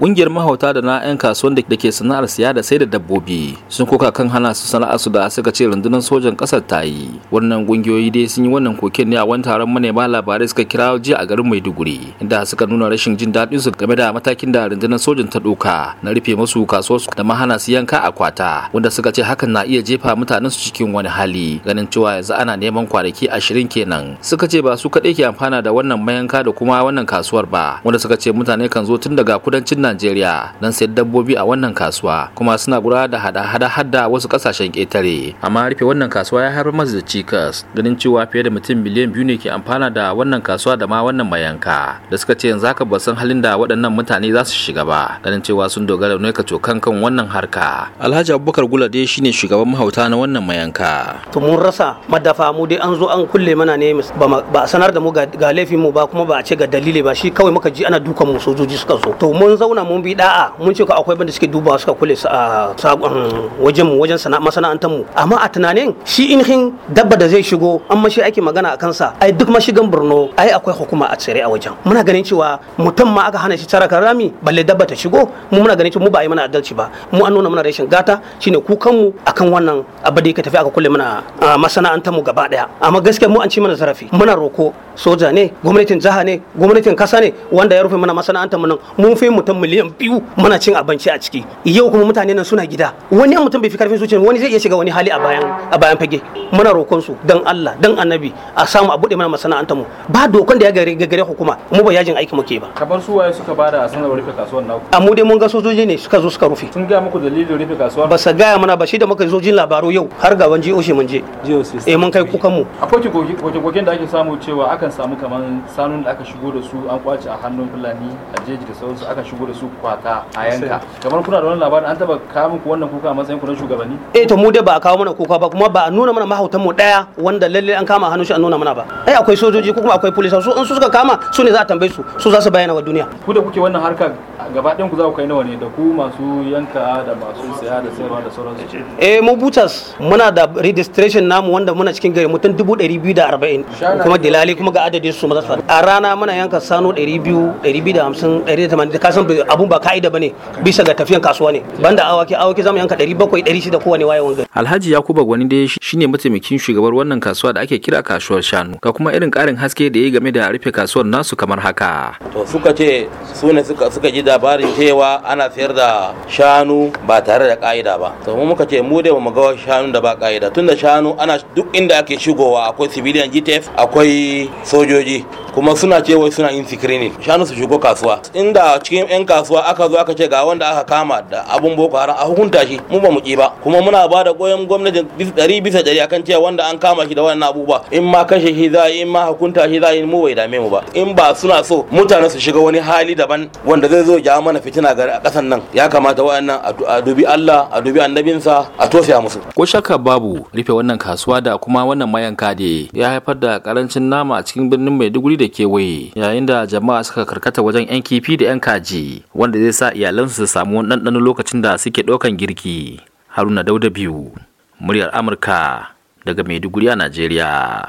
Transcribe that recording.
kungiyar mahauta da na 'yan kasuwan da ke sana'ar siya da sai da dabbobi sun koka kan hana su sana'ar su da suka ce rundunar sojan ƙasar ta yi. Wannan ƙungiyoyi dai sun yi wannan koken ne a wani taron manema labarai suka kira jiya a garin Maiduguri inda suka nuna rashin jin daɗin su game da matakin da rundunar sojan ta ɗauka na rufe musu kasuwar su da mahana su yanka a kwata wanda suka ce hakan na iya jefa mutanen su cikin wani hali ganin cewa yanzu ana neman kwanaki ashirin kenan suka ce ba su kaɗai ke amfana da wannan mayanka da kuma wannan kasuwar ba wanda suka ce mutane kan zo tun daga kudancin Najeriya don sayar dabbobi a wannan kasuwa kuma suna gura da hada-hada hada wasu kasashen ƙetare amma rufe wannan kasuwa ya haifar masu da cikas ganin cewa fiye da mutum miliyan biyu ne ke amfana da wannan kasuwa da ma wannan mayanka da suka ce yanzu haka ba san halin da waɗannan mutane za su shiga ba ganin cewa sun dogara ne ka cokan kan wannan harka Alhaji Abubakar Gulade shine shugaban mahauta na wannan mayanka to mun rasa madafa mu dai an zo an kulle mana ne ba a sanar da mu ga laifin mu ba kuma ba a ce ga dalili ba shi kawai muka ji ana dukan mu sojoji suka zo to mun zauna muna mun bi da'a mun ce ko akwai banda suke dubawa suka kule su a wajen mu wajen masana'antar mu amma a tunanin shi inhin dabba da zai shigo an mashi ake magana a kansa ai duk mashigan Borno ai akwai hukuma a tsare a wajen muna ganin cewa mutum ma aka hana shi tsara rami balle dabba ta shigo mu muna ganin cewa mu ba yi mana adalci ba mu an nuna mana rashin gata shine kukan mu akan wannan abu da yake tafi aka kulle mana masana'antar mu gaba daya amma gaskiya mu an ci mana zarafi muna roko soja ne gwamnatin jaha ne gwamnatin kasa ne wanda ya rufe mana masana'antar mu nan mun fi mutum miliyan biyu muna cin abinci a ciki yau kuma mutane nan suna gida wani mutum bai fi karfin zuciya wani zai iya shiga wani hali a bayan a bayan fage muna roƙon su dan Allah dan annabi a samu a bude mana masana'antar mu ba dokan da ya gare gare hukuma mu ba yajin aiki muke ba kamar su waye suka bada sanarwar rufe kasuwar naku amma dai mun ga sojoji ne suka zo suka rufe sun ga muku dalilin rufe kasuwar ba sa gaya mana ba shi da muka zo jin labaro yau har wanje oshe mun je GOC eh mun kai kukan mu akwai kokin da ake samu cewa akan samu kamar sanun da aka shigo da su an kwace a hannun Fulani a jeji da sauransu aka shigo da su kwata a yanka kamar kuna da wani labarin an taba kawo muku wannan kuka a matsayin ku na shugabanni eh to mu dai ba a kawo mana kuka ba kuma ba a nuna mana mahautan mu daya wanda lalle an kama hannu shi an nuna mana ba ai eh, akwai sojoji ko kuma akwai police su in su suka kama su ne za a tambaye su su za su bayyana wa duniya ku da kuke wannan harka gaba ɗayan ku za ku kai nawa ne da ku masu yanka da masu saya da sayarwa da sauransu eh mu butas muna da registration namu wanda muna cikin gari mutum 240 kuma dilali kuma ga adadin su maza a rana muna yanka sano 200 250 180 kasan abun ba ka'ida bane bisa ga tafiyan kasuwa ne banda awaki awaki zamu yanka 700 600 kowane wayewan gari Alhaji Yakubu wani dai shine mataimakin shugabar wannan kasuwa da ake kira kasuwar shanu ga kuma irin karin haske da yayi game da rufe kasuwar nasu kamar haka to suka ce su ne suka suka ji labarin cewa ana sayar da shanu ba tare da ka'ida ba to mu muka ce mu dai mu ga shanu da ba ka'ida tunda shanu ana duk inda ake shigowa akwai civilian GTF akwai sojoji kuma suna cewa suna yin screening shanu su shigo kasuwa inda cikin yan kasuwa aka zo aka ce ga wanda aka kama da abun boko haram a hukunta shi mu ba mu ki ba kuma muna ba da goyon gwamnatin ɗari bisa ɗari akan cewa wanda an kama shi da wannan abubuwa in ma kashe shi za in ma hukunta shi za mu bai dame mu ba in ba suna so mutane su shiga wani hali daban wanda zai zo jawo mana fitina ga kasan nan ya kamata wa'annan a dubi Allah a dubi annabinsa a tosiya musu ko shakka babu rufe wannan kasuwa da kuma wannan mayanka da ya haifar da karancin nama a cikin birnin Maiduguri da kewaye yayin da jama'a suka karkata wajen yan kifi da yan kaji wanda zai sa iyalansu su samu wani ɗanɗano lokacin da suke ɗaukan girki haruna dauda biyu muryar amurka daga maiduguri a najeriya